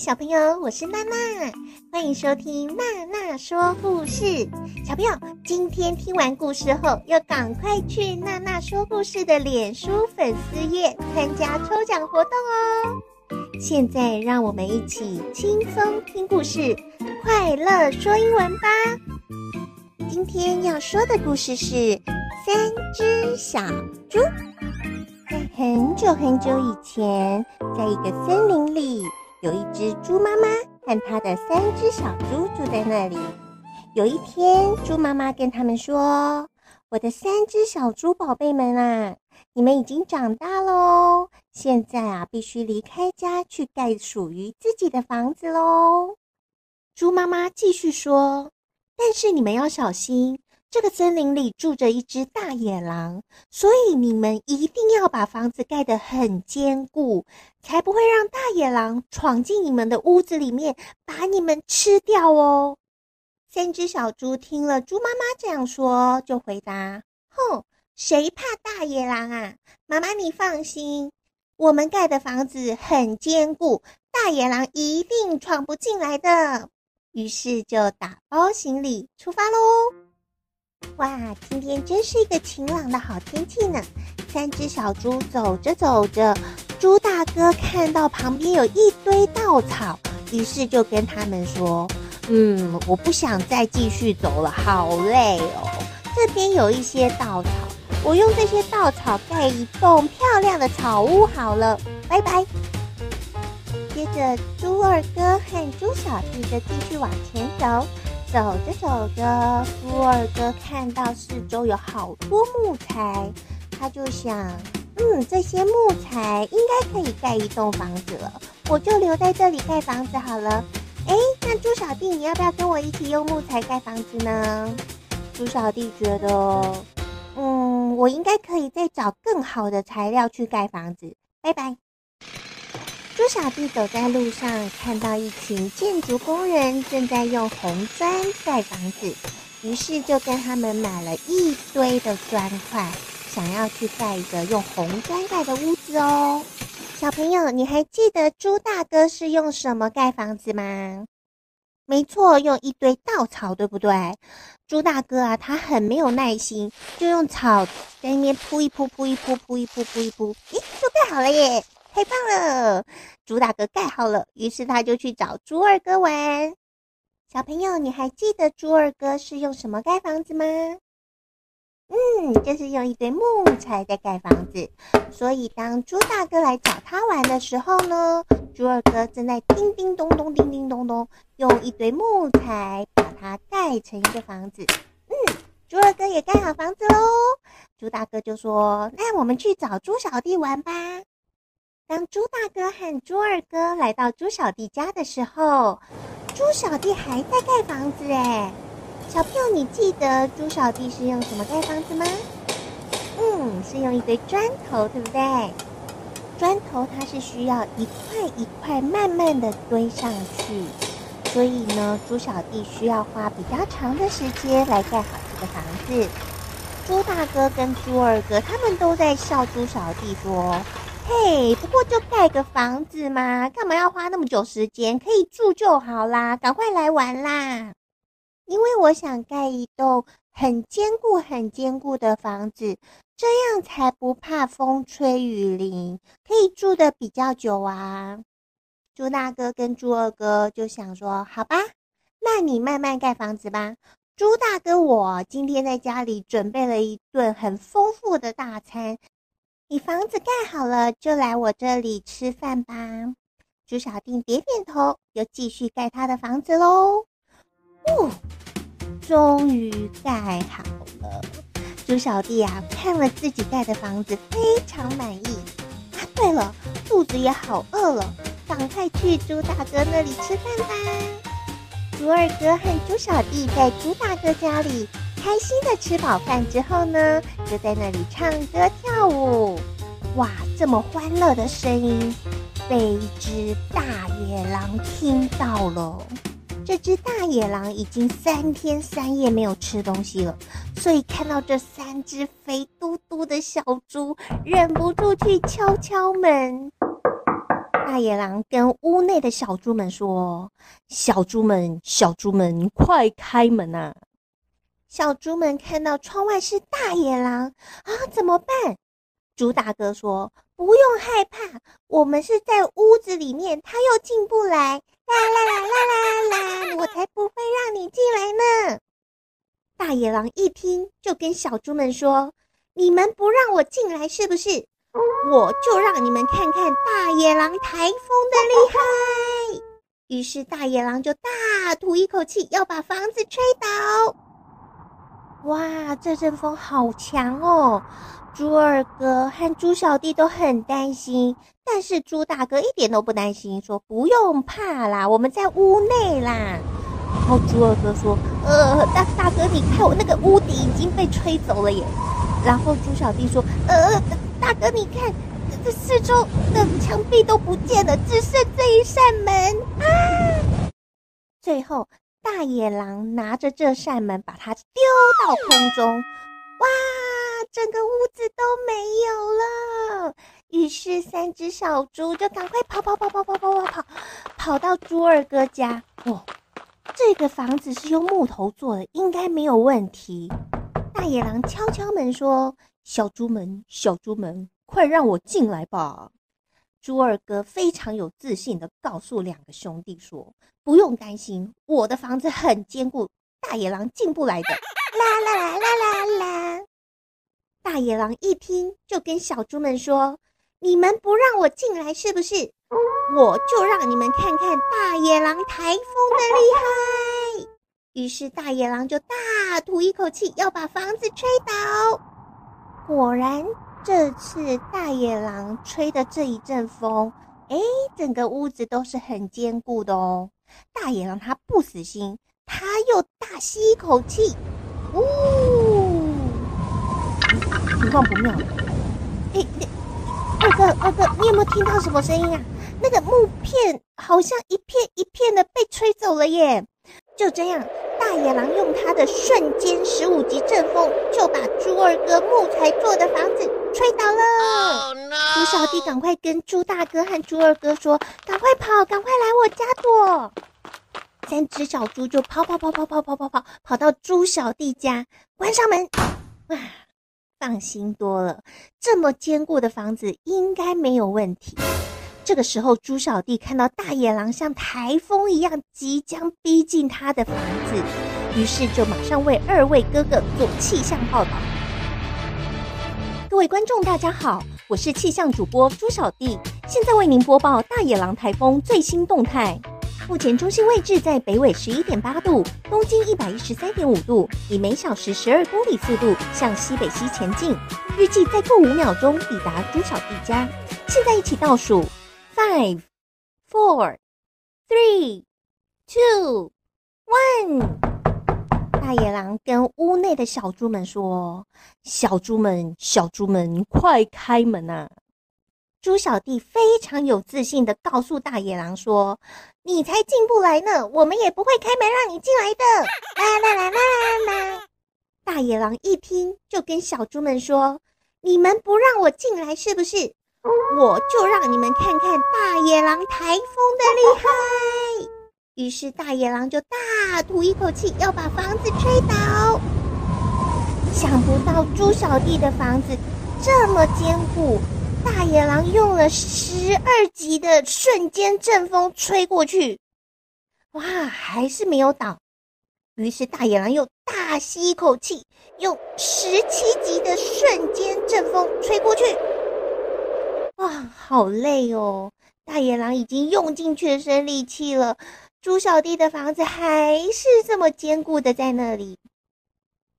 小朋友，我是娜娜，歡迎收聽娜娜說故事。小朋友，今天聽完故事後，要趕快去娜娜說故事的臉書粉絲頁參加抽獎活動哦。現在讓我們一起輕鬆聽故事，快樂說英文吧。今天要說的故事是《三隻小豬》。在很久很久以前，在一個森林裡。有一隻豬媽媽和她的三隻小豬住在那裡。有一天，豬媽媽跟他們說：“我的三隻小豬寶貝們啊，你們已經長大嘍，現在啊，必須離開家去蓋屬於自己的房子嘍。”豬媽媽繼續說：“但是你們要小心。”這個森林裡住着一隻大野狼，所以你們一定要把房子蓋得很堅固，才不會讓大野狼闖進你們的屋子裡面，把你們吃掉哦。三隻小豬聽了豬媽媽這樣說，就回答：“哼，誰怕大野狼啊？媽媽，你放心，我們蓋的房子很堅固，大野狼一定闖不進來的。”於是就打包行李出發嘍。哇，今天真是一個晴朗的好天氣呢！三隻小豬走着走着，豬大哥看到旁邊有一堆稻草，於是就跟他們說：“嗯，我不想再繼續走了，好累哦。這邊有一些稻草，我用這些稻草蓋一棟漂亮的草屋好了，拜拜。”接着豬二哥和豬小弟就繼續往前走。走着走着，豬二哥看到四周有好多木材，他就想：嗯，這些木材應該可以蓋一棟房子了。我就留在這裡蓋房子好了。欸，那豬小弟，你要不要跟我一起用木材蓋房子呢？豬小弟覺得，嗯，我應該可以再找更好的材料去蓋房子。拜拜。豬小弟走在路上，看到一群建築工人正在用紅磚蓋房子，於是就跟他們買了一堆的磚塊，想要去蓋一個用紅磚蓋的屋子哦。小朋友，你還記得豬大哥是用什麼蓋房子嗎？沒錯，用一堆稻草，對不對？豬大哥啊，他很沒有耐心，就用草在那邊鋪一鋪，鋪一鋪，鋪一鋪，鋪一鋪，鋪，鋪，鋪，鋪，鋪，咦，就蓋好了耶。太棒了，豬大哥蓋好了，於是他就去找豬二哥玩。小朋友，你還記得豬二哥是用什麼蓋房子嗎？嗯，就是用一堆木材在蓋房子。所以當豬大哥來找他玩的時候呢，豬二哥正在叮叮咚咚、叮叮咚咚，用一堆木材把它蓋成一個房子。嗯，豬二哥也蓋好房子嘍。豬大哥就說：“那我們去找豬小弟玩吧。”當豬大哥和豬二哥來到豬小弟家的時候，豬小弟還在蓋房子哎。小朋友，你記得豬小弟是用什麼蓋房子嗎？嗯，是用一堆磚頭，對不對？磚頭它是需要一塊一塊慢慢地堆上去，所以呢，豬小弟需要花比較長的時間來蓋好這個房子。豬大哥跟豬二哥他們都在笑豬小弟說。嘿、hey，不過就蓋個房子嘛，幹嘛要花那麼久時間？可以住就好啦，趕快來玩啦！因為我想蓋一棟很堅固、很堅固的房子，這樣才不怕風吹雨淋，可以住得比較久啊。豬大哥跟豬二哥就想說：“好吧，那你慢慢蓋房子吧。”豬大哥，我今天在家裡準備了一頓很豐富的大餐。你房子蓋好了，就來我這裡吃飯吧。豬小弟點點頭，又繼續蓋他的房子嘍。哦，終於蓋好了！豬小弟啊，看了自己蓋的房子，非常滿意。啊，對了，肚子也好餓了，趕快去豬大哥那裡吃飯吧。豬二哥和豬小弟在豬大哥家裡，開心的吃飽飯之後呢，就在那裡唱歌跳舞。哇，這麼歡樂的聲音，被一隻大野狼聽到了。這隻大野狼已經三天三夜沒有吃東西了，所以看到這三隻肥嘟嘟的小豬，忍不住去敲敲門。大野狼跟屋內的小豬們說：“小豬們，小豬們，快開門啊！”小豬們看到窗外是大野狼啊，怎麼辦？豬大哥說：“不用害怕，我們是在屋子裡面，他又進不來。”啦啦啦啦啦啦！我才不會讓你進來呢！大野狼一聽，就跟小豬們說：“你們不讓我進來是不是？我就讓你們看看大野狼台風的厲害！”於是大野狼就大吐一口氣，要把房子吹倒。哇，這陣風好強哦！豬二哥和豬小弟都很擔心，但是豬大哥一點都不擔心，說不用怕啦，我們在屋內啦。然後豬二哥說：“呃，大大哥，你看我那個屋頂已經被吹走了耶。”然後豬小弟說：“呃，大哥，你看這，這四周的牆壁都不見了，只剩這一扇門啊。”最後。大野狼拿着這扇門，把它丟到空中。哇，整個屋子都沒有了！於是三隻小豬就趕快跑跑跑跑跑跑跑跑，跑到豬二哥家。哦，這個房子是用木頭做的，應該沒有問題。大野狼敲敲門說：“小豬們，小豬們，快讓我進來吧！”豬二哥非常有自信的告訴兩個兄弟說：“不用擔心，我的房子很堅固，大野狼進不來的。”啦啦啦啦啦啦！大野狼一聽，就跟小豬們說：“你們不讓我進來，是不是？我就讓你們看看大野狼颱風的厲害。”於是大野狼就大吐一口氣，要把房子吹倒。果然。這次大野狼吹的這一陣風，誒，整個屋子都是很堅固的哦。大野狼他不死心，他又大吸一口氣，嗚、哦，情況不妙。誒，二哥，二哥，你有沒有聽到什麼聲音啊？那個木片好像一片一片的被吹走了耶！就這樣，大野狼用他的瞬間十五級陣風，就把豬二哥木材做的房子。快倒了！Oh, no. 豬小弟趕快跟豬大哥和豬二哥說，趕快跑，趕快來我家躲。三只小豬就跑跑跑跑跑跑跑跑，跑到豬小弟家，關上門。哇，放心多了，這麼堅固的房子應該沒有問題。這個時候，豬小弟看到大野狼像台風一樣即將逼近他的房子，於是就馬上為二位哥哥做氣象報道。各位觀眾，大家好，我是氣象主播豬小弟，現在為您播報大野狼台風最新動態。目前中心位置在北緯十一點八度，東經一百一十三點五度，以每小時十二公里速度向西北西前進。預計再過五秒鐘抵達豬小弟家。現在一起倒數：five, four, three, two, one。5, 4, 3, 2, 大野狼跟屋內的小豬們說：“小豬們，小豬們，快開門吶、啊！”豬小弟非常有自信的告訴大野狼說：“你才進不來呢，我們也不會開門讓你進來的。”啦啦啦啦啦啦！大野狼一聽，就跟小豬們說：“你們不讓我進來是不是？我就讓你們看看大野狼台風的厲害！”於是大野狼就大吐一口氣，要把房子吹倒。想不到豬小弟的房子這麼堅固，大野狼用了十二級的瞬間陣風吹過去，哇，還是沒有倒。於是大野狼又大吸一口氣，用十七級的瞬間陣風吹過去，哇，好累哦！大野狼已經用盡全身力氣了。豬小弟的房子還是這麼堅固的在那裡。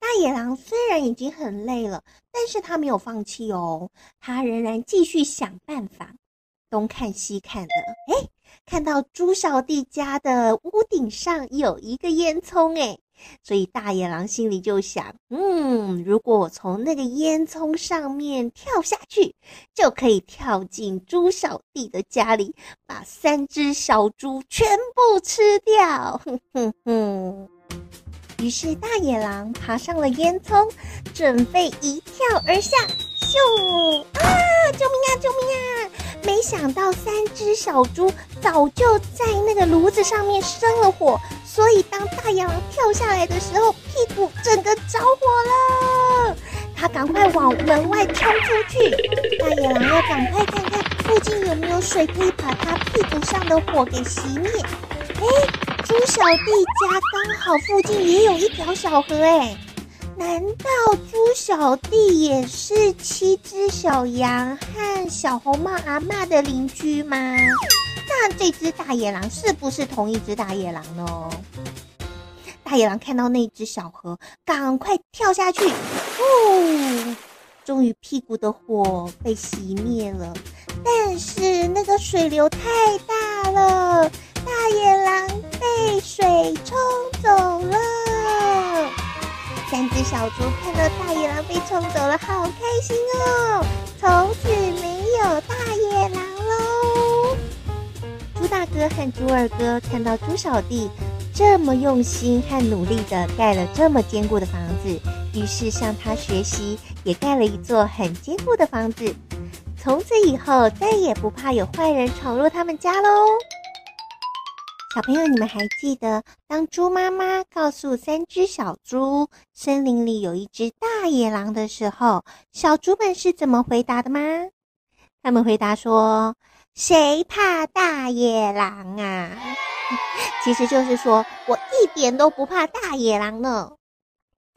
大野狼雖然已經很累了，但是他沒有放棄哦，他仍然繼續想辦法，東看西看的。哎，看到豬小弟家的屋頂上有一個煙囪，哎。所以大野狼心裡就想，嗯，如果我從那個煙囪上面跳下去，就可以跳進豬小弟的家裡，把三隻小豬全部吃掉。哼哼哼！於是大野狼爬上了煙囪，準備一跳而下。救啊！救命啊！救命啊！沒想到三隻小豬早就在那個爐子上面生了火，所以當大野狼跳下來的時候，屁股整個着火了。他趕快往門外衝出去，大野狼要趕快看看附近有沒有水，可以把他屁股上的火給熄滅。誒，豬小弟家剛好附近也有一條小河，誒！難道豬小弟也是七隻小羊和小紅帽阿嬤的鄰居嗎？那這隻大野狼是不是同一隻大野狼呢？大野狼看到那隻小河，趕快跳下去。哦，終於屁股的火被熄滅了，但是那個水流太大了，大野狼被水沖走了。三隻小豬看到大野狼被沖走了，好開心哦！從此沒有大野狼嘍。豬大哥和豬二哥看到豬小弟這麼用心和努力地蓋了這麼堅固的房子，於是向他學習，也蓋了一座很堅固的房子。從此以後，再也不怕有壞人闖入他們家嘍。小朋友，你們還記得當豬媽媽告訴三隻小豬森林裡有一隻大野狼的時候，小豬們是怎麼回答的嗎？他們回答說：“誰怕大野狼啊？”其實就是說我一點都不怕大野狼呢。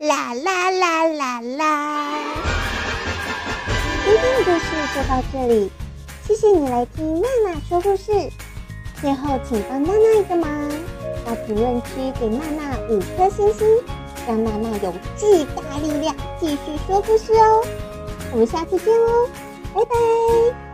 啦啦啦啦啦啦！今天的故事就到這裡，謝謝你來聽娜娜說故事。最後，請幫娜娜一個忙，到評論區給娜娜五顆星星，讓娜娜有巨大力量繼續說故事哦。我們下次見哦，拜拜。